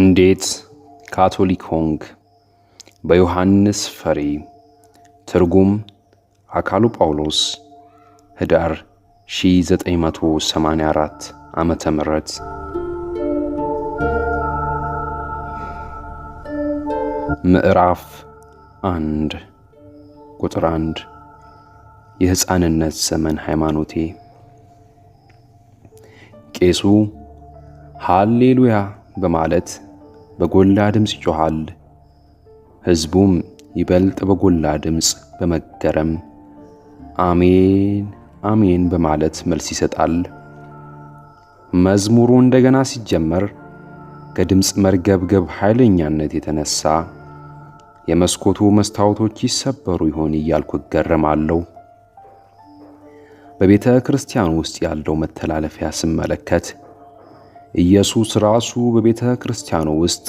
እንዴት ካቶሊክ ሆንክ? በዮሐንስ ፈሪ። ትርጉም አካሉ ጳውሎስ። ህዳር 1984 ዓ ም ምዕራፍ አንድ ቁጥር አንድ የሕፃንነት ዘመን ሃይማኖቴ ቄሱ ሃሌሉያ በማለት በጎላ ድምፅ ይጮኻል። ሕዝቡም ይበልጥ በጎላ ድምፅ በመገረም አሜን አሜን በማለት መልስ ይሰጣል። መዝሙሩ እንደገና ሲጀመር ከድምፅ መርገብገብ ኃይለኛነት የተነሳ የመስኮቱ መስታወቶች ይሰበሩ ይሆን እያልኩ እገረማለሁ። በቤተ ክርስቲያን ውስጥ ያለው መተላለፊያ ስመለከት ኢየሱስ ራሱ በቤተ ክርስቲያኑ ውስጥ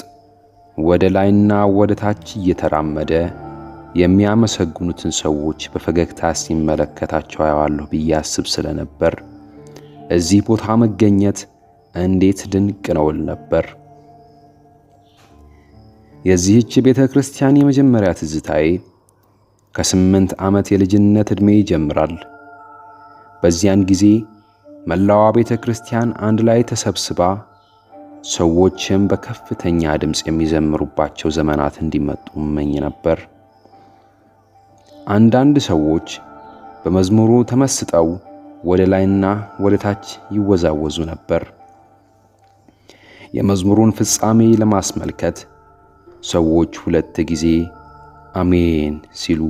ወደ ላይና ወደ ታች እየተራመደ የሚያመሰግኑትን ሰዎች በፈገግታ ሲመለከታቸው አየዋለሁ ብዬ አስብ ስለነበር እዚህ ቦታ መገኘት እንዴት ድንቅ ነው ነበር። የዚህች ቤተ ክርስቲያን የመጀመሪያ ትዝታዬ ከስምንት ዓመት የልጅነት ዕድሜ ይጀምራል። በዚያን ጊዜ መላዋ ቤተ ክርስቲያን አንድ ላይ ተሰብስባ ሰዎችም በከፍተኛ ድምፅ የሚዘምሩባቸው ዘመናት እንዲመጡ እመኝ ነበር። አንዳንድ ሰዎች በመዝሙሩ ተመስጠው ወደ ላይና ወደ ታች ይወዛወዙ ነበር። የመዝሙሩን ፍጻሜ ለማስመልከት ሰዎች ሁለት ጊዜ አሜን ሲሉ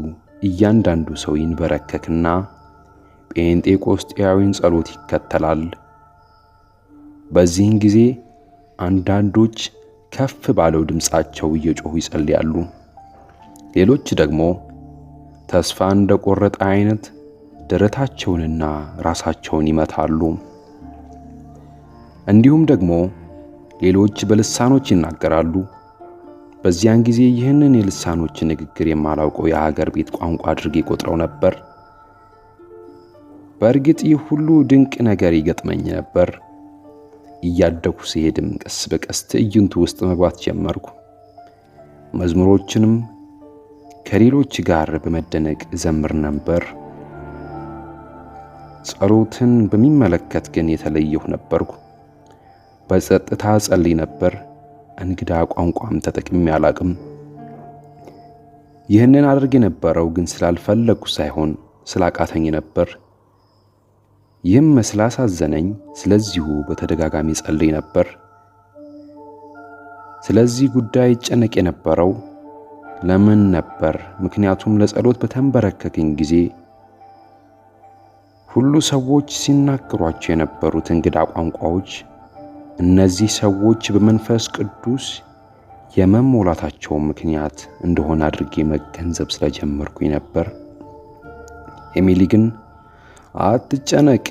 እያንዳንዱ ሰው ይንበረከክና ጴንጤቆስጤያዊን ጸሎት ይከተላል። በዚህን ጊዜ አንዳንዶች ከፍ ባለው ድምፃቸው እየጮሁ ይጸልያሉ። ሌሎች ደግሞ ተስፋ እንደቆረጠ አይነት ደረታቸውንና ራሳቸውን ይመታሉ። እንዲሁም ደግሞ ሌሎች በልሳኖች ይናገራሉ። በዚያን ጊዜ ይህንን የልሳኖች ንግግር የማላውቀው የሀገር ቤት ቋንቋ አድርጌ ቆጥረው ነበር። በእርግጥ ይህ ሁሉ ድንቅ ነገር ይገጥመኝ ነበር። እያደኩ ሲሄድም ቀስ በቀስ ትዕይንቱ ውስጥ መግባት ጀመርኩ። መዝሙሮችንም ከሌሎች ጋር በመደነቅ ዘምር ነበር። ጸሎትን በሚመለከት ግን የተለየሁ ነበርኩ። በጸጥታ ጸልይ ነበር። እንግዳ ቋንቋም ተጠቅሜ አላቅም። ይህንን አድርግ የነበረው ግን ስላልፈለግኩ ሳይሆን ስላቃተኝ ነበር። ይህም አሳዘነኝ ስለዚሁ በተደጋጋሚ ጸልይ ነበር። ስለዚህ ጉዳይ ጨነቅ የነበረው ለምን ነበር? ምክንያቱም ለጸሎት በተንበረከክኝ ጊዜ ሁሉ ሰዎች ሲናገሯቸው የነበሩት እንግዳ ቋንቋዎች እነዚህ ሰዎች በመንፈስ ቅዱስ የመሞላታቸው ምክንያት እንደሆነ አድርጌ መገንዘብ ስለጀመርኩኝ ነበር። ኤሚሊ ግን አትጨነቅ፣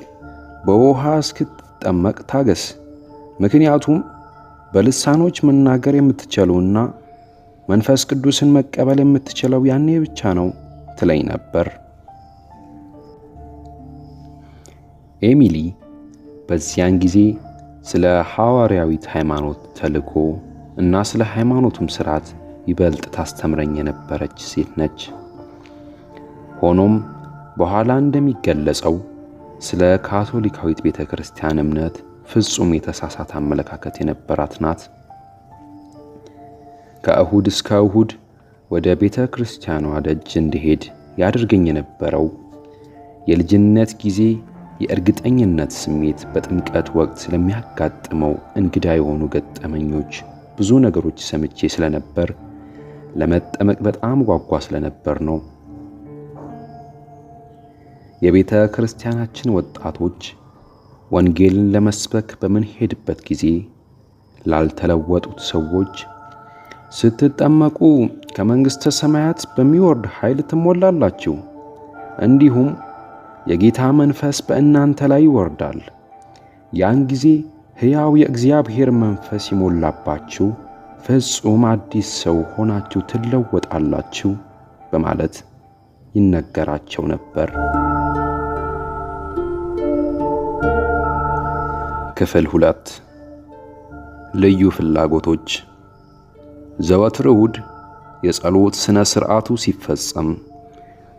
በውሃ እስክትጠመቅ ታገስ። ምክንያቱም በልሳኖች መናገር የምትችለውና መንፈስ ቅዱስን መቀበል የምትችለው ያኔ ብቻ ነው ትለኝ ነበር። ኤሚሊ በዚያን ጊዜ ስለ ሐዋርያዊት ሃይማኖት ተልእኮ እና ስለ ሃይማኖቱም ስርዓት ይበልጥ ታስተምረኝ የነበረች ሴት ነች። ሆኖም በኋላ እንደሚገለጸው ስለ ካቶሊካዊት ቤተ ክርስቲያን እምነት ፍጹም የተሳሳተ አመለካከት የነበራት ናት። ከእሁድ እስከ እሁድ ወደ ቤተ ክርስቲያኗ ደጅ እንድሄድ ያደርገኝ የነበረው የልጅነት ጊዜ የእርግጠኝነት ስሜት በጥምቀት ወቅት ስለሚያጋጥመው እንግዳ የሆኑ ገጠመኞች ብዙ ነገሮች ሰምቼ ስለነበር ለመጠመቅ በጣም ጓጓ ስለነበር ነው። የቤተ ክርስቲያናችን ወጣቶች ወንጌልን ለመስበክ በምንሄድበት ጊዜ ላልተለወጡት ሰዎች ስትጠመቁ ከመንግሥተ ሰማያት በሚወርድ ኃይል ትሞላላችሁ፣ እንዲሁም የጌታ መንፈስ በእናንተ ላይ ይወርዳል። ያን ጊዜ ሕያው የእግዚአብሔር መንፈስ ይሞላባችሁ፣ ፍጹም አዲስ ሰው ሆናችሁ ትለወጣላችሁ በማለት ይነገራቸው ነበር። ክፍል ሁለት ልዩ ፍላጎቶች። ዘወትር እሁድ የጸሎት ሥነ ሥርዓቱ ሲፈጸም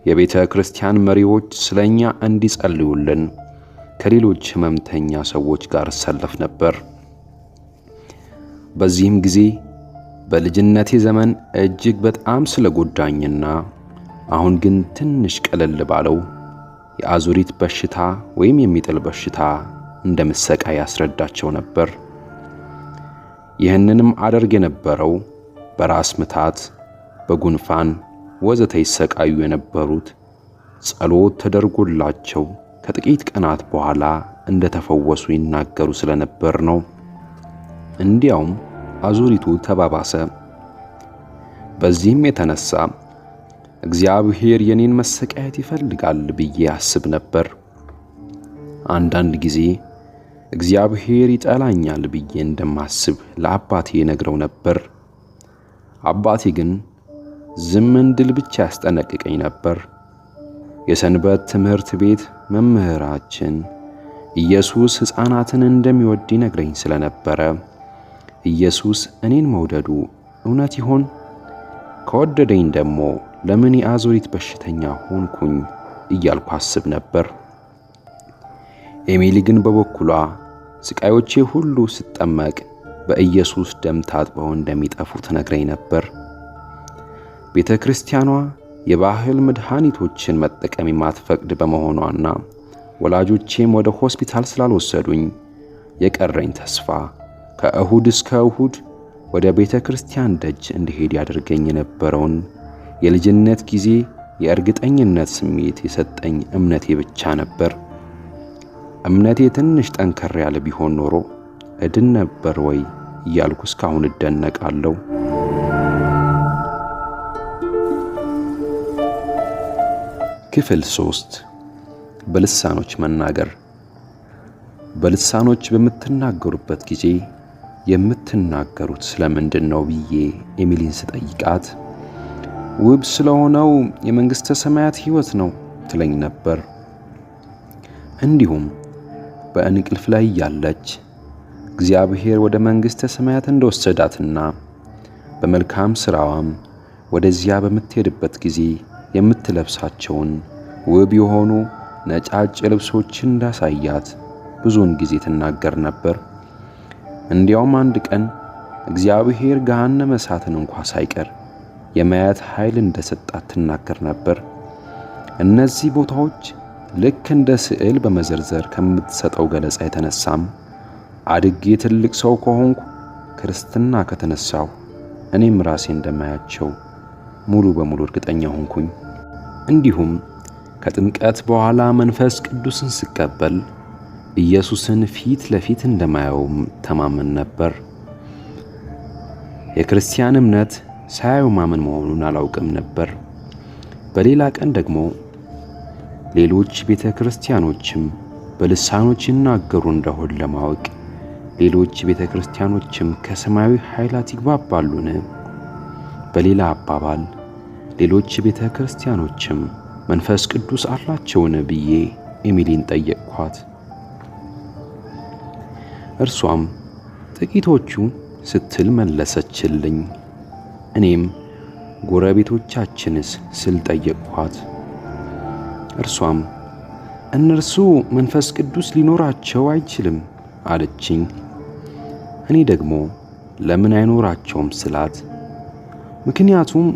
የቤተ ክርስቲያን መሪዎች ስለ እኛ እንዲጸልዩልን ከሌሎች ሕመምተኛ ሰዎች ጋር እሰለፍ ነበር። በዚህም ጊዜ በልጅነቴ ዘመን እጅግ በጣም ስለ ጎዳኝና አሁን ግን ትንሽ ቀለል ባለው የአዙሪት በሽታ ወይም የሚጥል በሽታ እንደምሰቃይ ያስረዳቸው ነበር። ይህንንም አደርግ የነበረው በራስ ምታት፣ በጉንፋን ወዘተ ይሰቃዩ የነበሩት ጸሎት ተደርጎላቸው ከጥቂት ቀናት በኋላ እንደተፈወሱ ይናገሩ ስለነበር ነው። እንዲያውም አዙሪቱ ተባባሰ። በዚህም የተነሳ እግዚአብሔር የኔን መሰቃየት ይፈልጋል ብዬ አስብ ነበር። አንዳንድ ጊዜ እግዚአብሔር ይጠላኛል ብዬ እንደማስብ ለአባቴ ነግረው ነበር። አባቴ ግን ዝም እንድል ብቻ ያስጠነቅቀኝ ነበር። የሰንበት ትምህርት ቤት መምህራችን ኢየሱስ ሕፃናትን እንደሚወድ ይነግረኝ ስለነበረ ኢየሱስ እኔን መውደዱ እውነት ይሆን? ከወደደኝ ደግሞ ለምን የአዞሪት በሽተኛ ሆንኩኝ እያልኩ አስብ ነበር። ኤሚሊ ግን በበኩሏ ስቃዮቼ ሁሉ ስጠመቅ በኢየሱስ ደም ታጥበው እንደሚጠፉ ትነግረኝ ነበር። ቤተ ክርስቲያኗ የባህል መድኃኒቶችን መጠቀም የማትፈቅድ በመሆኗና ወላጆቼም ወደ ሆስፒታል ስላልወሰዱኝ የቀረኝ ተስፋ ከእሁድ እስከ እሁድ ወደ ቤተ ክርስቲያን ደጅ እንድሄድ ያደርገኝ የነበረውን የልጅነት ጊዜ የእርግጠኝነት ስሜት የሰጠኝ እምነቴ ብቻ ነበር። እምነቴ ትንሽ ጠንከር ያለ ቢሆን ኖሮ እድን ነበር ወይ እያልኩ እስካሁን እደነቃለሁ። ክፍል ሶስት በልሳኖች መናገር። በልሳኖች በምትናገሩበት ጊዜ የምትናገሩት ስለምንድን ነው ብዬ ኤሚሊን ስጠይቃት ውብ ስለሆነው የመንግሥተ ሰማያት ሕይወት ነው ትለኝ ነበር። እንዲሁም በእንቅልፍ ላይ እያለች እግዚአብሔር ወደ መንግሥተ ሰማያት እንደወሰዳትና በመልካም ሥራዋም ወደዚያ በምትሄድበት ጊዜ የምትለብሳቸውን ውብ የሆኑ ነጫጭ ልብሶችን እንዳሳያት ብዙውን ጊዜ ትናገር ነበር። እንዲያውም አንድ ቀን እግዚአብሔር ገሃነመ እሳትን እንኳ ሳይቀር የማየት ኃይል እንደሰጣት ትናገር ነበር። እነዚህ ቦታዎች ልክ እንደ ስዕል በመዘርዘር ከምትሰጠው ገለጻ የተነሳም አድጌ ትልቅ ሰው ከሆንኩ ክርስትና ከተነሳሁ እኔም ራሴ እንደማያቸው ሙሉ በሙሉ እርግጠኛ ሆንኩኝ። እንዲሁም ከጥምቀት በኋላ መንፈስ ቅዱስን ስቀበል ኢየሱስን ፊት ለፊት እንደማየውም ተማመን ነበር። የክርስቲያን እምነት ሳያዩ ማመን መሆኑን አላውቅም ነበር። በሌላ ቀን ደግሞ ሌሎች ቤተ ክርስቲያኖችም በልሳኖች ይናገሩ እንደሆን ለማወቅ ሌሎች ቤተ ክርስቲያኖችም ከሰማያዊ ኃይላት ይግባባሉን? በሌላ አባባል ሌሎች ቤተ ክርስቲያኖችም መንፈስ ቅዱስ አላቸውን ብዬ ኤሚሊን ጠየቅኳት። እርሷም ጥቂቶቹ ስትል መለሰችልኝ። እኔም ጎረቤቶቻችንስ ስል ጠየቅኳት። እርሷም እነርሱ መንፈስ ቅዱስ ሊኖራቸው አይችልም አለችኝ። እኔ ደግሞ ለምን አይኖራቸውም ስላት ምክንያቱም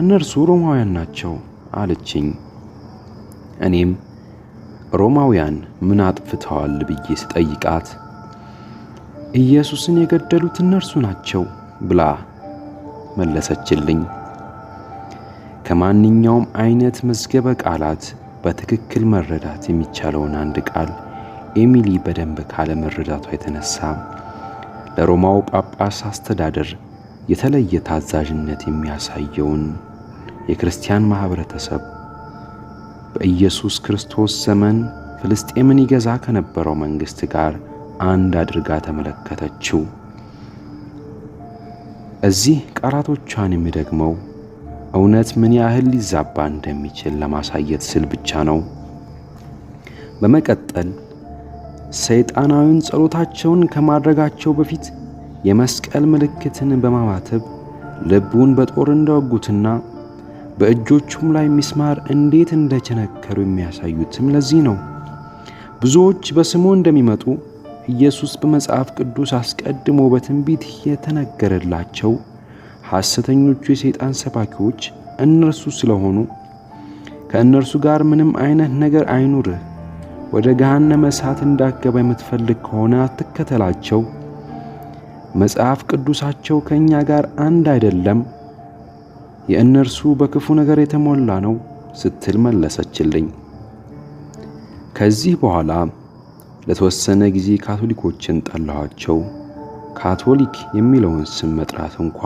እነርሱ ሮማውያን ናቸው አለችኝ። እኔም ሮማውያን ምን አጥፍተዋል ብዬ ስጠይቃት ኢየሱስን የገደሉት እነርሱ ናቸው ብላ መለሰችልኝ። ከማንኛውም አይነት መዝገበ ቃላት በትክክል መረዳት የሚቻለውን አንድ ቃል ኤሚሊ በደንብ ካለመረዳቷ የተነሳ ለሮማው ጳጳስ አስተዳደር የተለየ ታዛዥነት የሚያሳየውን የክርስቲያን ማኅበረተሰብ በኢየሱስ ክርስቶስ ዘመን ፍልስጤምን ይገዛ ከነበረው መንግሥት ጋር አንድ አድርጋ ተመለከተችው። እዚህ ቃላቶቿን የሚደግመው እውነት ምን ያህል ሊዛባ እንደሚችል ለማሳየት ስል ብቻ ነው። በመቀጠል ሰይጣናዊን ጸሎታቸውን ከማድረጋቸው በፊት የመስቀል ምልክትን በማማተብ ልቡን በጦር እንደወጉትና በእጆቹም ላይ ሚስማር እንዴት እንደቸነከሩ የሚያሳዩትም ለዚህ ነው። ብዙዎች በስሙ እንደሚመጡ ኢየሱስ በመጽሐፍ ቅዱስ አስቀድሞ በትንቢት የተነገረላቸው ሐሰተኞቹ የሰይጣን ሰባኪዎች እነርሱ ስለሆኑ ከእነርሱ ጋር ምንም አይነት ነገር አይኑርህ። ወደ ገሃነመ እሳት እንዳገባ የምትፈልግ ከሆነ አትከተላቸው። መጽሐፍ ቅዱሳቸው ከእኛ ጋር አንድ አይደለም፣ የእነርሱ በክፉ ነገር የተሞላ ነው ስትል መለሰችልኝ። ከዚህ በኋላ ለተወሰነ ጊዜ ካቶሊኮችን ጠላኋቸው። ካቶሊክ የሚለውን ስም መጥራት እንኳ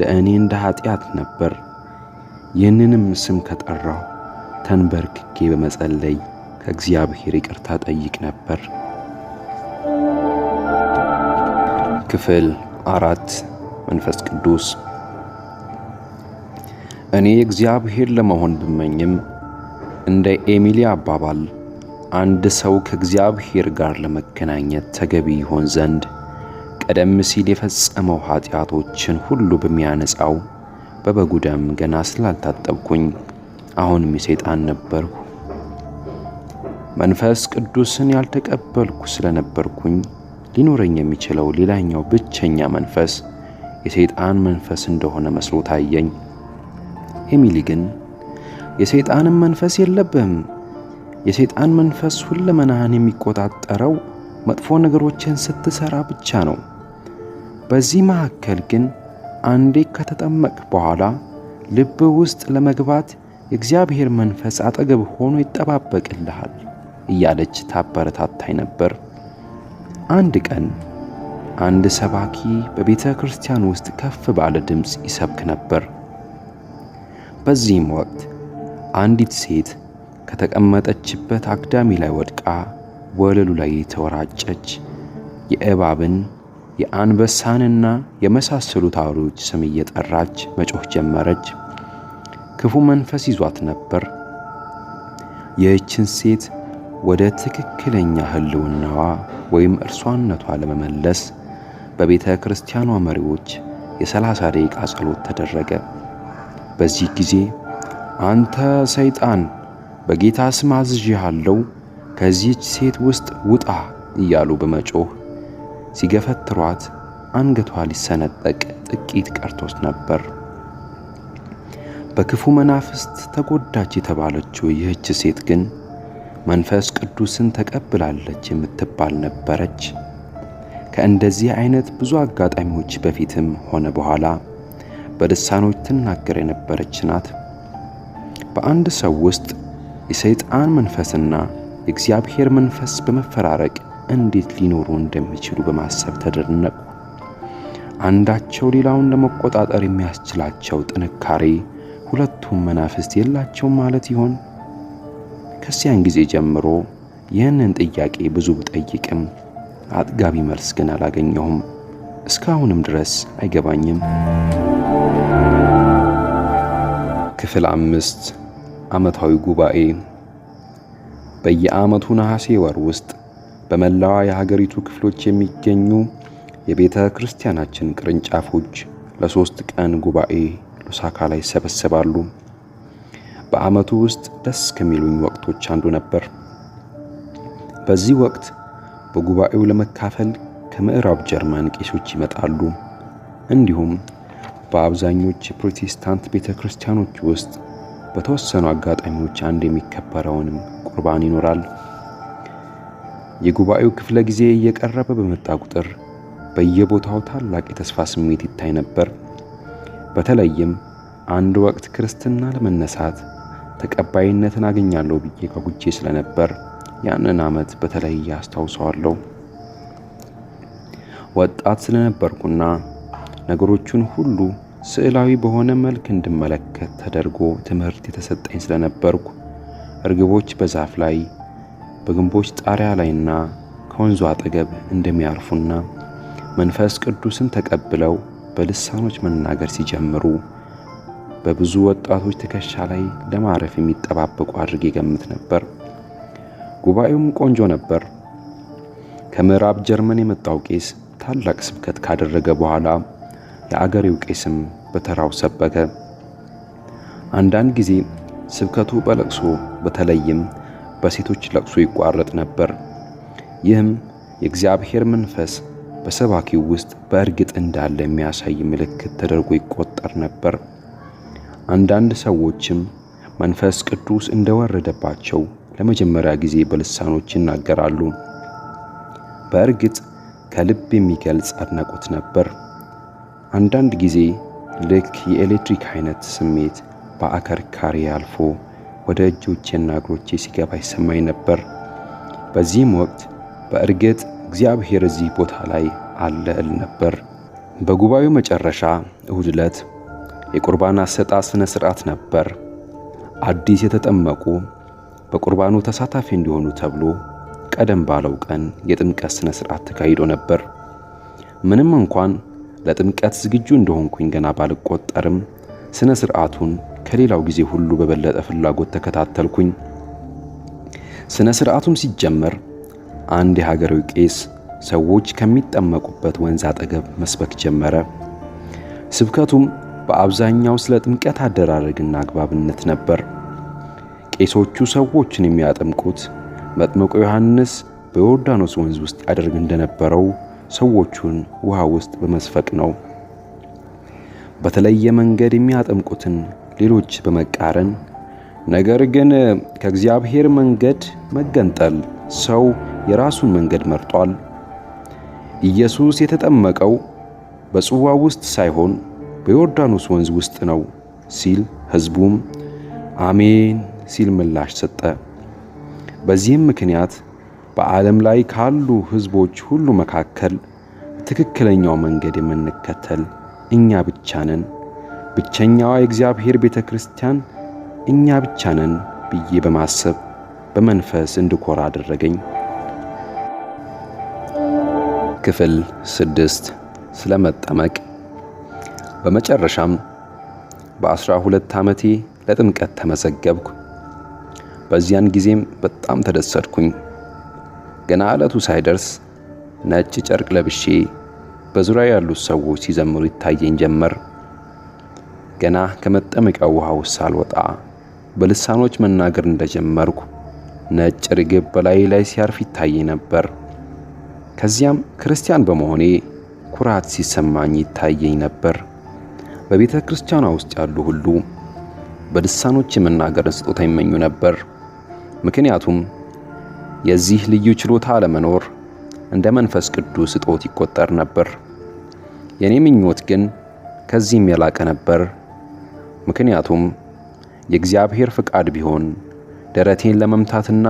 ለእኔ እንደ ኃጢአት ነበር። ይህንንም ስም ከጠራሁ ተንበርክኬ በመጸለይ ከእግዚአብሔር ይቅርታ ጠይቅ ነበር። ክፍል አራት መንፈስ ቅዱስ እኔ የእግዚአብሔር ለመሆን ብመኝም እንደ ኤሚሊ አባባል አንድ ሰው ከእግዚአብሔር ጋር ለመገናኘት ተገቢ ይሆን ዘንድ ቀደም ሲል የፈጸመው ኃጢአቶችን ሁሉ በሚያነጻው በበጉ ደም ገና ስላልታጠብኩኝ አሁንም የሰይጣን ነበርኩ። መንፈስ ቅዱስን ያልተቀበልኩ ስለነበርኩኝ ሊኖረኝ የሚችለው ሌላኛው ብቸኛ መንፈስ የሰይጣን መንፈስ እንደሆነ መስሎ ታየኝ። ኤሚሊ ግን የሰይጣንን መንፈስ የለብህም፣ የሰይጣን መንፈስ ሁለመናህን የሚቆጣጠረው መጥፎ ነገሮችን ስትሰራ ብቻ ነው በዚህ መካከል ግን አንዴ ከተጠመቅ በኋላ ልብ ውስጥ ለመግባት የእግዚአብሔር መንፈስ አጠገብ ሆኖ ይጠባበቅልሃል እያለች ታበረታታኝ ነበር። አንድ ቀን አንድ ሰባኪ በቤተ ክርስቲያን ውስጥ ከፍ ባለ ድምፅ ይሰብክ ነበር። በዚህም ወቅት አንዲት ሴት ከተቀመጠችበት አግዳሚ ላይ ወድቃ ወለሉ ላይ የተወራጨች የእባብን የአንበሳንና የመሳሰሉት አውሬዎች ስም እየጠራች መጮህ ጀመረች። ክፉ መንፈስ ይዟት ነበር። ይህችን ሴት ወደ ትክክለኛ ህልውናዋ ወይም እርሷነቷ ለመመለስ በቤተ ክርስቲያኗ መሪዎች የሰላሳ ደቂቃ ጸሎት ተደረገ። በዚህ ጊዜ አንተ ሰይጣን በጌታ ስም አዝዥሃለው ከዚህች ሴት ውስጥ ውጣ እያሉ በመጮህ ሲገፈትሯት አንገቷ ሊሰነጠቅ ጥቂት ቀርቶስ ነበር። በክፉ መናፍስት ተጎዳች የተባለችው ይህች ሴት ግን መንፈስ ቅዱስን ተቀብላለች የምትባል ነበረች። ከእንደዚህ አይነት ብዙ አጋጣሚዎች በፊትም ሆነ በኋላ በልሳኖች ትናገር የነበረች ናት። በአንድ ሰው ውስጥ የሰይጣን መንፈስና የእግዚአብሔር መንፈስ በመፈራረቅ እንዴት ሊኖሩ እንደሚችሉ በማሰብ ተደነቁ። አንዳቸው ሌላውን ለመቆጣጠር የሚያስችላቸው ጥንካሬ ሁለቱም መናፍስት የላቸው ማለት ይሆን? ከዚያን ጊዜ ጀምሮ ይህንን ጥያቄ ብዙ ብጠይቅም አጥጋቢ መልስ ግን አላገኘሁም። እስካሁንም ድረስ አይገባኝም። ክፍል አምስት ዓመታዊ ጉባኤ በየዓመቱ ነሐሴ ወር ውስጥ በመላዋ የሀገሪቱ ክፍሎች የሚገኙ የቤተ ክርስቲያናችን ቅርንጫፎች ለሶስት ቀን ጉባኤ ሉሳካ ላይ ይሰበሰባሉ። በዓመቱ ውስጥ ደስ ከሚሉኝ ወቅቶች አንዱ ነበር። በዚህ ወቅት በጉባኤው ለመካፈል ከምዕራብ ጀርመን ቄሶች ይመጣሉ። እንዲሁም በአብዛኞች የፕሮቴስታንት ቤተ ክርስቲያኖች ውስጥ በተወሰኑ አጋጣሚዎች አንድ የሚከበረውንም ቁርባን ይኖራል። የጉባኤው ክፍለ ጊዜ እየቀረበ በመጣ ቁጥር በየቦታው ታላቅ የተስፋ ስሜት ይታይ ነበር። በተለይም አንድ ወቅት ክርስትና ለመነሳት ተቀባይነትን አገኛለሁ ብዬ ከጉቼ ስለነበር ያንን ዓመት በተለይ አስታውሰዋለሁ። ወጣት ስለነበርኩና ነገሮቹን ሁሉ ስዕላዊ በሆነ መልክ እንድመለከት ተደርጎ ትምህርት የተሰጠኝ ስለነበርኩ እርግቦች በዛፍ ላይ በግንቦች ጣሪያ ላይና ከወንዙ አጠገብ እንደሚያርፉና መንፈስ ቅዱስን ተቀብለው በልሳኖች መናገር ሲጀምሩ በብዙ ወጣቶች ትከሻ ላይ ለማረፍ የሚጠባበቁ አድርጌ ገምት ነበር። ጉባኤውም ቆንጆ ነበር። ከምዕራብ ጀርመን የመጣው ቄስ ታላቅ ስብከት ካደረገ በኋላ የአገሬው ቄስም በተራው ሰበከ። አንዳንድ ጊዜ ስብከቱ በለቅሶ በተለይም በሴቶች ለቅሶ ይቋረጥ ነበር። ይህም የእግዚአብሔር መንፈስ በሰባኪው ውስጥ በእርግጥ እንዳለ የሚያሳይ ምልክት ተደርጎ ይቆጠር ነበር። አንዳንድ ሰዎችም መንፈስ ቅዱስ እንደወረደባቸው ለመጀመሪያ ጊዜ በልሳኖች ይናገራሉ። በእርግጥ ከልብ የሚገልጽ አድናቆት ነበር። አንዳንድ ጊዜ ልክ የኤሌክትሪክ አይነት ስሜት በአከርካሪ አልፎ ወደ እጆቼና እግሮቼ ሲገባ ይሰማኝ ነበር። በዚህም ወቅት በእርግጥ እግዚአብሔር እዚህ ቦታ ላይ አለ እል ነበር። በጉባኤው መጨረሻ እሁድ ዕለት የቁርባን አሰጣጥ ስነ ስርዓት ነበር። አዲስ የተጠመቁ በቁርባኑ ተሳታፊ እንዲሆኑ ተብሎ ቀደም ባለው ቀን የጥምቀት ስነ ስርዓት ተካሂዶ ነበር። ምንም እንኳን ለጥምቀት ዝግጁ እንደሆንኩኝ ገና ባልቆጠርም ስነ ስርዓቱን ከሌላው ጊዜ ሁሉ በበለጠ ፍላጎት ተከታተልኩኝ። ስነ ስርዓቱም ሲጀመር አንድ የሀገራዊ ቄስ ሰዎች ከሚጠመቁበት ወንዝ አጠገብ መስበክ ጀመረ። ስብከቱም በአብዛኛው ስለ ጥምቀት አደራረግና አግባብነት ነበር። ቄሶቹ ሰዎችን የሚያጠምቁት መጥምቁ ዮሐንስ በዮርዳኖስ ወንዝ ውስጥ ያደርግ እንደነበረው ሰዎቹን ውሃ ውስጥ በመስፈቅ ነው። በተለየ መንገድ የሚያጠምቁትን ሌሎች በመቃረን ነገር ግን ከእግዚአብሔር መንገድ መገንጠል ሰው የራሱን መንገድ መርጧል። ኢየሱስ የተጠመቀው በጽዋ ውስጥ ሳይሆን በዮርዳኖስ ወንዝ ውስጥ ነው ሲል ሕዝቡም አሜን ሲል ምላሽ ሰጠ። በዚህም ምክንያት በዓለም ላይ ካሉ ሕዝቦች ሁሉ መካከል ትክክለኛው መንገድ የምንከተል እኛ ብቻ ነን፣ ብቸኛዋ የእግዚአብሔር ቤተ ክርስቲያን እኛ ብቻ ነን ብዬ በማሰብ በመንፈስ እንድኮራ አደረገኝ። ክፍል ስድስት ስለ መጠመቅ። በመጨረሻም በአስራ ሁለት ዓመቴ ለጥምቀት ተመዘገብኩ። በዚያን ጊዜም በጣም ተደሰትኩኝ። ገና ዕለቱ ሳይደርስ ነጭ ጨርቅ ለብሼ በዙሪያ ያሉት ሰዎች ሲዘምሩ ይታየኝ ጀመር። ገና ከመጠመቂያ ውሃ ውስጥ ሳልወጣ በልሳኖች መናገር እንደጀመርኩ ነጭ ርግብ በላይ ላይ ሲያርፍ ይታየኝ ነበር። ከዚያም ክርስቲያን በመሆኔ ኩራት ሲሰማኝ ይታየኝ ነበር። በቤተ ክርስቲያኗ ውስጥ ያሉ ሁሉ በልሳኖች የመናገርን ስጦታ ይመኙ ነበር። ምክንያቱም የዚህ ልዩ ችሎታ አለመኖር እንደ መንፈስ ቅዱስ እጦት ይቆጠር ነበር። የእኔ ምኞት ግን ከዚህም የላቀ ነበር። ምክንያቱም የእግዚአብሔር ፍቃድ ቢሆን ደረቴን ለመምታትና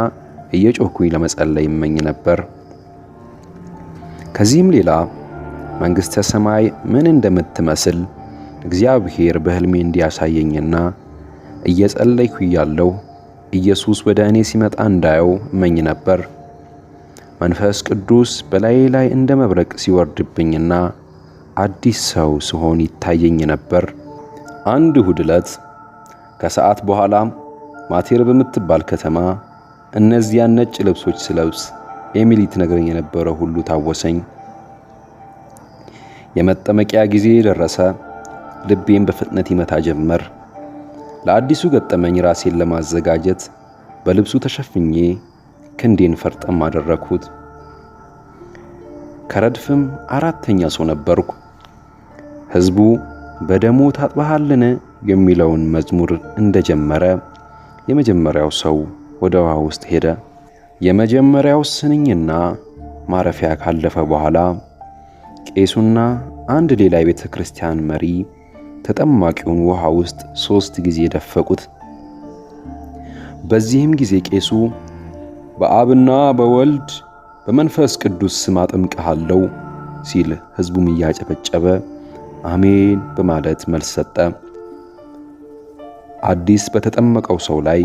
እየጮኩኝ ለመጸለይ ይመኝ ነበር። ከዚህም ሌላ መንግሥተ ሰማይ ምን እንደምትመስል እግዚአብሔር በሕልሜ እንዲያሳየኝና እየጸለይኩ እያለሁ ኢየሱስ ወደ እኔ ሲመጣ እንዳየው እመኝ ነበር። መንፈስ ቅዱስ በላዬ ላይ እንደ መብረቅ ሲወርድብኝና አዲስ ሰው ስሆን ይታየኝ ነበር። አንድ እሁድ ዕለት ከሰዓት በኋላ ማቴር በምትባል ከተማ እነዚያን ነጭ ልብሶች ስለብስ ኤሚሊ ትነግረኝ የነበረ ሁሉ ታወሰኝ። የመጠመቂያ ጊዜ ደረሰ። ልቤን በፍጥነት ይመታ ጀመር። ለአዲሱ ገጠመኝ ራሴን ለማዘጋጀት በልብሱ ተሸፍኜ ክንዴን ፈርጠም አደረግሁት። ከረድፍም አራተኛ ሰው ነበርኩ። ሕዝቡ በደሙ ታጥበሃልን የሚለውን መዝሙር እንደጀመረ የመጀመሪያው ሰው ወደ ውሃ ውስጥ ሄደ። የመጀመሪያው ስንኝና ማረፊያ ካለፈ በኋላ ቄሱና አንድ ሌላ የቤተ ክርስቲያን መሪ ተጠማቂውን ውሃ ውስጥ ሦስት ጊዜ ደፈቁት። በዚህም ጊዜ ቄሱ በአብና በወልድ በመንፈስ ቅዱስ ስም አጠምቅሃለሁ ሲል ሕዝቡም እያጨበጨበ አሜን በማለት መልስ ሰጠ። አዲስ በተጠመቀው ሰው ላይ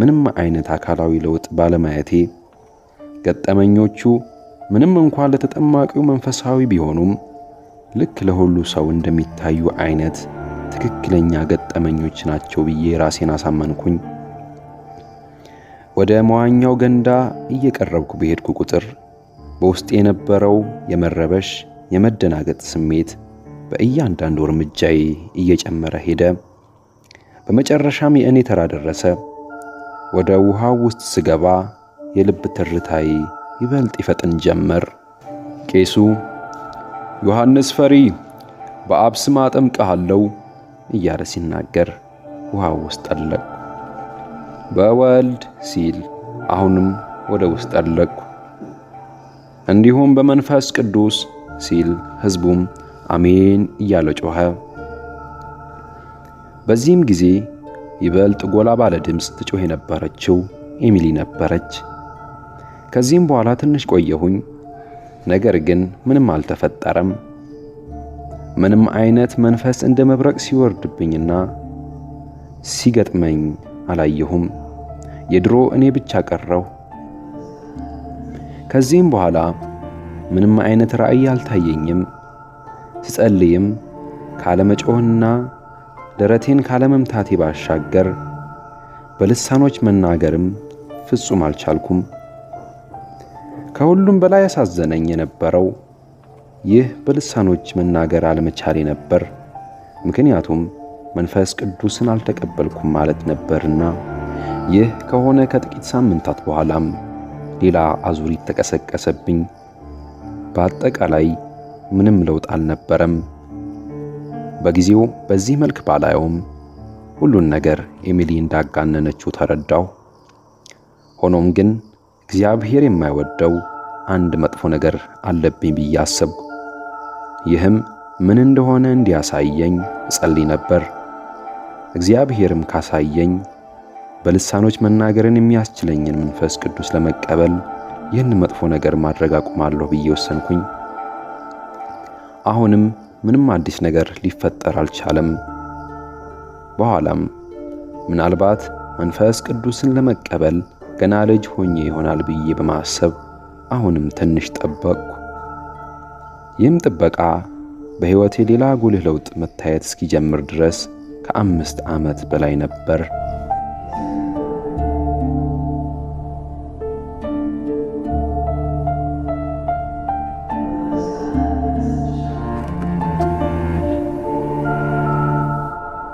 ምንም አይነት አካላዊ ለውጥ ባለማየቴ ገጠመኞቹ ምንም እንኳን ለተጠማቂው መንፈሳዊ ቢሆኑም ልክ ለሁሉ ሰው እንደሚታዩ አይነት ትክክለኛ ገጠመኞች ናቸው ብዬ ራሴን አሳመንኩኝ። ወደ መዋኛው ገንዳ እየቀረብኩ በሄድኩ ቁጥር በውስጥ የነበረው የመረበሽ የመደናገጥ ስሜት በእያንዳንዱ እርምጃዬ እየጨመረ ሄደ። በመጨረሻም የእኔ ተራ ደረሰ። ወደ ውሃው ውስጥ ስገባ የልብ ትርታዬ ይበልጥ ይፈጥን ጀመር። ቄሱ ዮሐንስ ፈሪ በአብ ስም አጠምቅሃለሁ እያለ ሲናገር ውሃው ውስጥ ጠለቅኩ። በወልድ ሲል አሁንም ወደ ውስጥ ጠለቅኩ። እንዲሁም በመንፈስ ቅዱስ ሲል ሕዝቡም አሜን እያለ ጮኸ። በዚህም ጊዜ ይበልጥ ጎላ ባለ ድምፅ ትጮህ የነበረችው ኤሚሊ ነበረች። ከዚህም በኋላ ትንሽ ቆየሁኝ፣ ነገር ግን ምንም አልተፈጠረም። ምንም አይነት መንፈስ እንደ መብረቅ ሲወርድብኝና ሲገጥመኝ አላየሁም። የድሮ እኔ ብቻ ቀረው። ከዚህም በኋላ ምንም አይነት ራእይ አልታየኝም። ስጸልይም ካለመጮህና ደረቴን ካለመምታቴ ባሻገር በልሳኖች መናገርም ፍጹም አልቻልኩም። ከሁሉም በላይ ያሳዘነኝ የነበረው ይህ በልሳኖች መናገር አለመቻሌ ነበር። ምክንያቱም መንፈስ ቅዱስን አልተቀበልኩም ማለት ነበርና። ይህ ከሆነ ከጥቂት ሳምንታት በኋላም ሌላ አዙሪት ተቀሰቀሰብኝ። በአጠቃላይ ምንም ለውጥ አልነበረም። በጊዜው በዚህ መልክ ባላየውም ሁሉን ነገር ኤሚሊ እንዳጋነነችው ተረዳው። ሆኖም ግን እግዚአብሔር የማይወደው አንድ መጥፎ ነገር አለብኝ ብዬ አሰብኩ። ይህም ምን እንደሆነ እንዲያሳየኝ እጸልይ ነበር። እግዚአብሔርም ካሳየኝ በልሳኖች መናገርን የሚያስችለኝን መንፈስ ቅዱስ ለመቀበል ይህን መጥፎ ነገር ማድረግ አቁማለሁ ብዬ ወሰንኩኝ። አሁንም ምንም አዲስ ነገር ሊፈጠር አልቻለም። በኋላም ምናልባት መንፈስ ቅዱስን ለመቀበል ገና ልጅ ሆኜ ይሆናል ብዬ በማሰብ አሁንም ትንሽ ጠበቅኩ። ይህም ጥበቃ በሕይወቴ ሌላ ጉልህ ለውጥ መታየት እስኪጀምር ድረስ ከአምስት ዓመት በላይ ነበር።